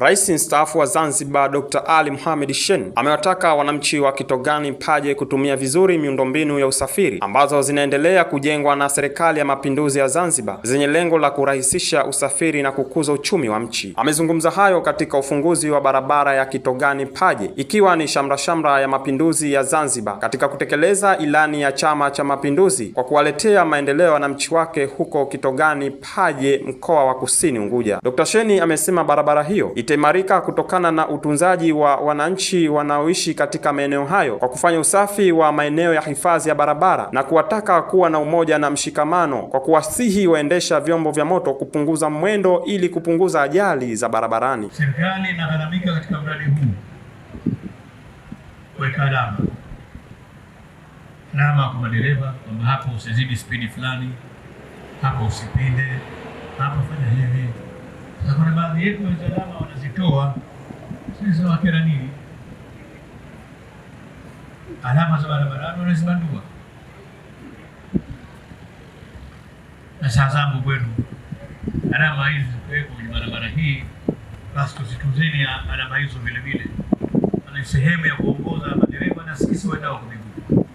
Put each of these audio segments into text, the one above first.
Rais mstaafu wa Zanzibar Dr. Ali Mohamed Shein amewataka wananchi wa Kitogani Paje kutumia vizuri miundombinu ya usafiri ambazo zinaendelea kujengwa na Serikali ya Mapinduzi ya Zanzibar zenye lengo la kurahisisha usafiri na kukuza uchumi wa nchi. Amezungumza hayo katika ufunguzi wa barabara ya Kitogani Paje ikiwa ni shamrashamra ya mapinduzi ya Zanzibar katika kutekeleza ilani ya Chama cha Mapinduzi kwa kuwaletea maendeleo wananchi wake huko Kitogani Paje, mkoa wa Kusini Unguja. Dr. Shein amesema barabara hiyo itaimarika kutokana na utunzaji wa wananchi wanaoishi katika maeneo hayo kwa kufanya usafi wa maeneo ya hifadhi ya barabara na kuwataka kuwa na umoja na mshikamano kwa kuwasihi waendesha vyombo vya moto kupunguza mwendo ili kupunguza ajali za barabarani. Serikali inagharamika katika mradi huu kuweka alama alama kwa madereva kwamba hapo usizidi spidi fulani, hapo usipinde, hapo fanya hivi na kuna baadhi yetu wenzalama wanazitoa sisi wakera nini, alama za barabarani wanazibandua, na saa zangu kwenu, alama hizi zikuwekwa kwenye barabara hii, basi tuzitunzeni alama hizo vile vile, ana sehemu ya kuongoza madereva na sisi waendao kwa miguu.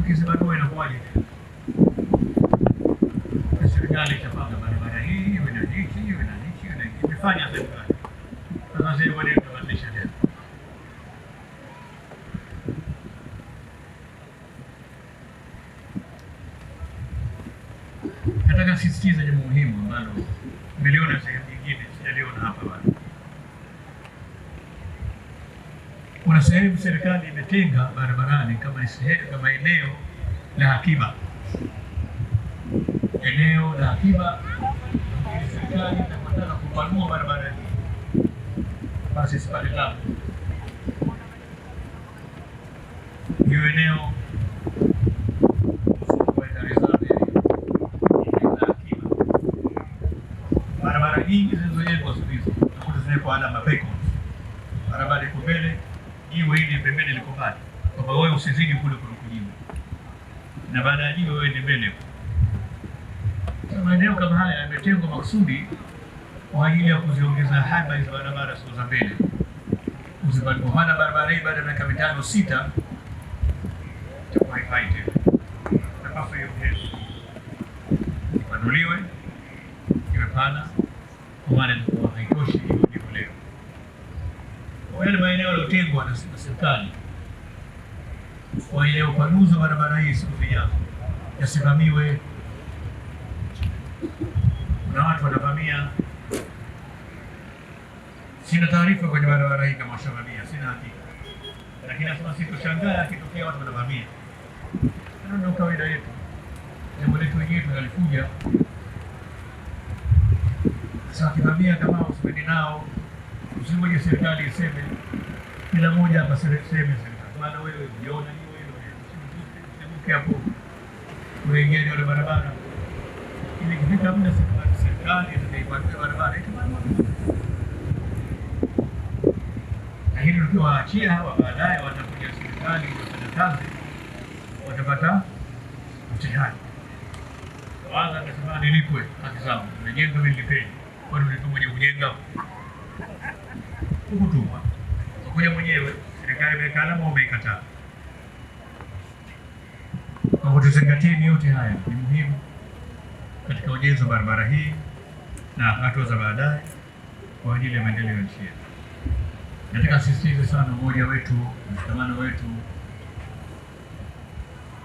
Mkizibandua inakuwaje? Serikali itapanga kufanya serikali. Sasa sisi kwa nini tena? Nataka sisitiza jambo muhimu ambalo niliona sehemu nyingine sijaliona hapa bado. Kuna sehemu serikali imetenga barabarani kama sehemu kama eneo la akiba, eneo la akiba serikali wanataka kupanua barabara hii, basi sipale tabu hiyo eneo barabara nyingi zilizojengwa siku hizi utakuta zinawekwa alama beacons, barabara iko mbele, jiwe hili pembeni liko mbali, kwamba wewe usizidi kule kunakujiwe, na baada ya jiwe wewe ni mbele. Maeneo kama haya yametengwa makusudi kwa ajili ya kuziongeza haiba hizo barabara siku za mbele. Usipohana barabara hii baada ya miaka mitano sita itakuwa haifai tena, ipanuliwe, iwe pana, kwa maana ilikuwa haitoshi ilivyo leo. Kwa yale maeneo yaliyotengwa na serikali kwa ile upanuzi wa barabara hii siku zijazo yasimamiwe. Kuna watu wanavamia Sina taarifa kwenye barabara hii kama washavamia, sina hakika, lakini nasema sitoshangaa akitokea watu wanavamia. Ndio kawaida yetu, jambo letu wenyewe tunalikuja. Sasa wakivamia kama usipendi nao, usingoje serikali iseme, kila mmoja hapa seme serikali bana, wewe ujiona ni wewe hapo, unaingia ile barabara, ili kifika muda serikali itaipanua barabara lakini tukiwaachia hawa baadaye watakuja serikali watafanya kazi, watapata mtihani. Kwanza atasema nilipwe haki zangu, nimejenga mimi nilipeni, kwani ulikuwa mwenye kujenga hukutumwa, ukuja mwenyewe, serikali imekana alama, umeikataa. Kwa kutuzingatieni yote haya ni muhimu katika ujenzi wa barabara hii na hatua za baadaye kwa ajili ya maendeleo ya nchi yetu. Nataka nisisitize sana umoja wetu, mshikamano wetu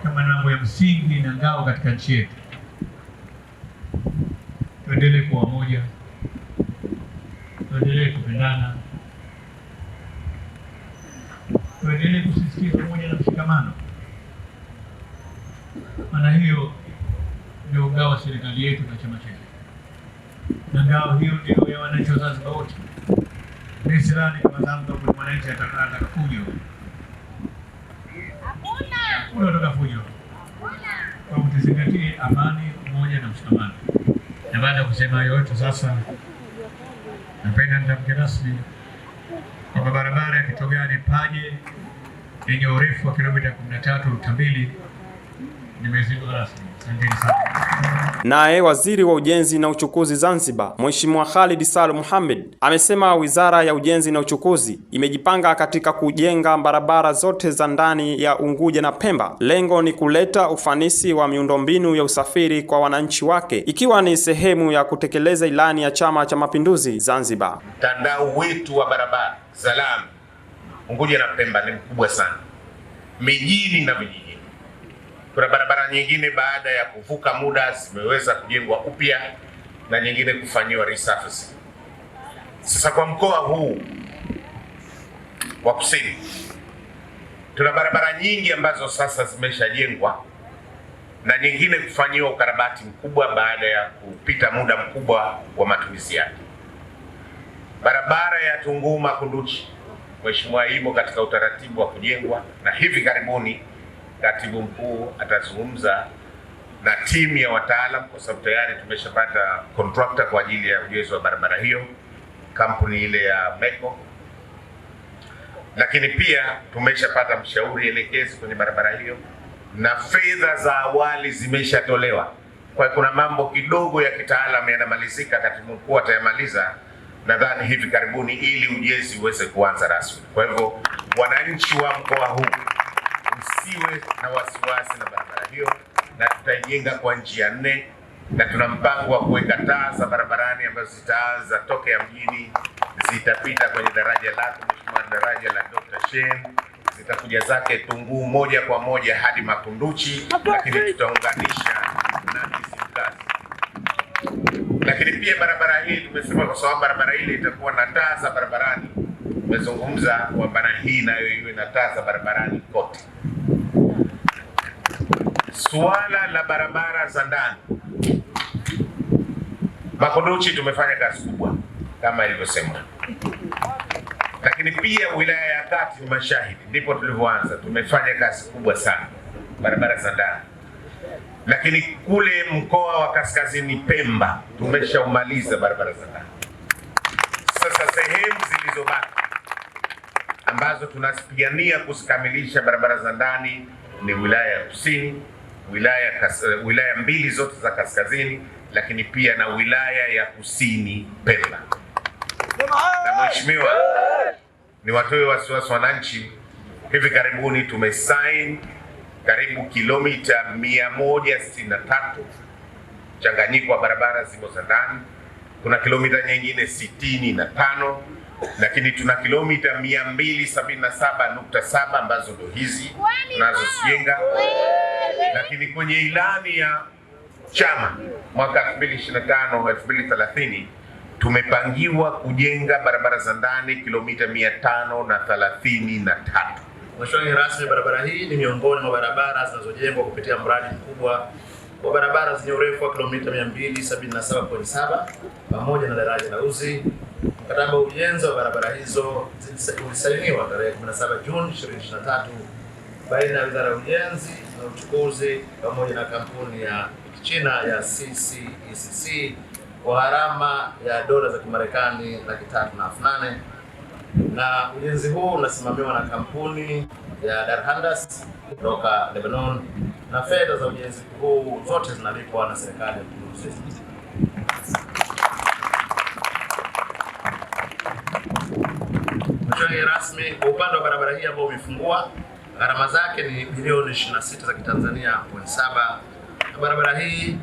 kama ni mambo ya msingi na ngao katika nchi yetu. Tuendelee kuwa wamoja, tuendelee kupendana, tuendelee kusisitiza umoja na mshikamano, maana hiyo ndio ngao wa serikali yetu na chama chetu, na ngao hiyo ndio ya wananchi wa Zanzibar wote. Nisirani kwa sababu kama mwananchi atakana atakuja. Hakuna. Kuna ndoka fujo. Hakuna. Kwa kuzingatia amani, umoja na mshikamano. Na baada ya kusema hayo yote sasa napenda nitamke rasmi kwamba barabara ya Kitogani Paje yenye urefu wa kilomita 13.2 nimezindua rasmi. Asanteni sana. Naye waziri wa ujenzi na uchukuzi Zanzibar, Mheshimiwa Khalid Salum Mohamed amesema wizara ya ujenzi na uchukuzi imejipanga katika kujenga barabara zote za ndani ya Unguja na Pemba. Lengo ni kuleta ufanisi wa miundombinu ya usafiri kwa wananchi wake, ikiwa ni sehemu ya kutekeleza ilani ya Chama cha Mapinduzi Zanzibar. Mtandao wetu wa barabara za lami Unguja na Pemba ni mkubwa sana mijini na vijijini kuna barabara nyingine baada ya kuvuka muda zimeweza kujengwa upya na nyingine kufanyiwa resurface. Sasa kwa mkoa huu wa Kusini tuna barabara nyingi ambazo sasa zimeshajengwa na nyingine kufanyiwa ukarabati mkubwa baada ya kupita muda mkubwa wa matumizi yake. Barabara ya Tunguu Makunduchi, Mheshimiwa, imo katika utaratibu wa kujengwa na hivi karibuni katibu mkuu atazungumza na timu ya wataalam kwa sababu tayari tumeshapata contractor kwa ajili ya ujenzi wa barabara hiyo, kampuni ile ya Meko, lakini pia tumeshapata mshauri elekezi kwenye barabara hiyo na fedha za awali zimeshatolewa. Kwa kuna mambo kidogo ya kitaalamu yanamalizika, katibu mkuu atayamaliza nadhani hivi karibuni, ili ujenzi uweze kuanza rasmi. Kwa hivyo wananchi wa mkoa huu msiwe na wasiwasi na barabara hiyo, na tutaijenga kwa njia nne, na tuna mpango wa kuweka taa za barabarani ambazo zitaanza toke ya mjini, zitapita kwenye daraja lako Mheshimiwa, daraja la Dr. Shein, zitakuja zake Tunguu moja kwa moja hadi Makunduchi, lakini tutaunganisha na Kisimplas lakini pia barabara hii tumesema, kwa sababu barabara hii itakuwa na taa za barabarani, tumezungumza kwa barabara hii nayo iwe na taa za barabarani kote suala la barabara za ndani Makunduchi tumefanya kazi kubwa kama ilivyosemwa, lakini pia wilaya ya Kati ni mashahidi, ndipo tulivyoanza. Tumefanya kazi kubwa sana barabara za ndani, lakini kule mkoa wa Kaskazini Pemba tumeshaumaliza barabara za ndani. Sasa sehemu zilizobaki ambazo tunazipigania kuzikamilisha barabara za ndani ni wilaya ya Kusini wilaya, wilaya mbili zote za kaskazini, lakini pia na wilaya ya kusini Pemba. Na mheshimiwa, niwatoe wasiwasi wananchi, hivi karibuni tumesign karibu kilomita 163 mchanganyiko wa barabara zimo za ndani, kuna kilomita nyingine 65 lakini tuna kilomita 277.7 ambazo ndo hizi tunazozijenga lakini kwenye ilani ya chama mwaka 2025 2030 tumepangiwa kujenga barabara za ndani kilomita 533. Mheshimiwa mgeni rasmi, barabara hii ni miongoni mwa barabara zinazojengwa kupitia mradi mkubwa wa barabara zenye urefu wa kilomita 277.7 pamoja na daraja la Uzi. Mkataba wa ujenzi wa barabara hizo ulisainiwa tarehe 17 Juni 2023 baina ya Wizara ya Ujenzi na Uchukuzi pamoja na kampuni ya china ya CCECC e kwa gharama ya dola za Kimarekani laki tatu na elfu nane na ujenzi huu unasimamiwa na kampuni ya Darhandas kutoka Lebanon na fedha za ujenzi huu zote zinalipwa na serikali ya Uturuki. Mchonge rasmi kwa upande wa barabara hii ambayo umefungua Gharama zake ni bilioni 26 za Kitanzania point saba na barabara hii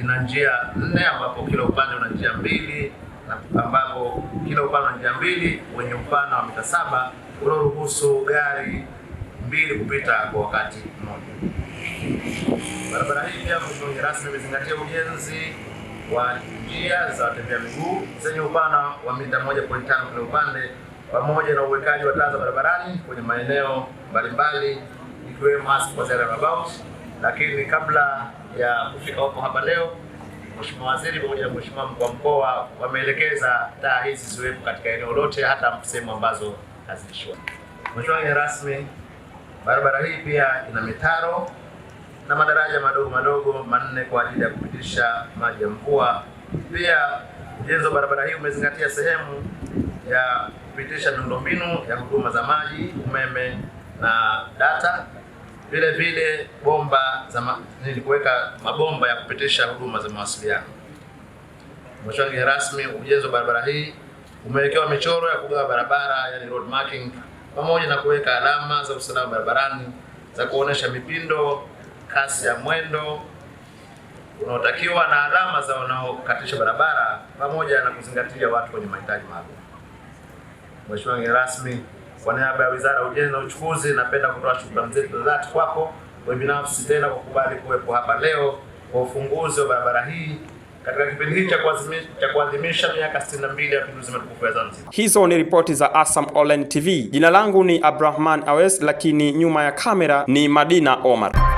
ina njia nne ambapo kila upande una njia mbili na ambapo kila upande una njia mbili wenye upana wa mita saba unaoruhusu gari mbili kupita kwa wakati mmoja. Barabara hii pia mshauri rasmi imezingatia ujenzi wa njia za watembea miguu zenye upana wa mita 1.5 kila upande pamoja na uwekaji wa taa za barabarani kwenye maeneo mbalimbali ikiwemo hasa kwa ya about. Lakini kabla ya kufika huko hapa leo, Mheshimiwa Waziri pamoja na Mheshimiwa Mkuu wa Mkoa wameelekeza taa hizi ziwepo katika eneo lote, hata sehemu ambazo hazijashwa. Mheshimiwa mgeni rasmi, barabara hii pia ina mitaro na madaraja madogo madogo manne kwa ajili ya kupitisha maji ya mvua. Pia ujenzi wa barabara hii umezingatia sehemu ya kupitisha miundombinu ya huduma za maji, umeme na data, vile vile bomba za nini, kuweka mabomba ya kupitisha huduma za mawasiliano. Mheshimiwa mgeni rasmi, ujenzi wa barabara hii umewekewa michoro ya kugawa barabara, yani road marking, pamoja na kuweka alama za usalama barabarani za kuonesha mipindo, kasi ya mwendo unaotakiwa na alama za wanaokatisha barabara, pamoja na kuzingatia watu wenye mahitaji maalum. Mheshimiwa mgeni rasmi, kwa niaba ya Wizara ya Ujenzi na Uchukuzi napenda kutoa shukrani zetu za dhati kwako wewe binafsi tena kwa kukubali kuwepo hapa leo kwa ufunguzi wa barabara hii katika kipindi hiki cha kuadhimisha miaka 62 ya Mapinduzi Matukufu ya Zanzibar. Hizo ni ripoti za Asam Online TV. Jina langu ni abdrahman Awes, lakini nyuma ya kamera ni Madina Omar.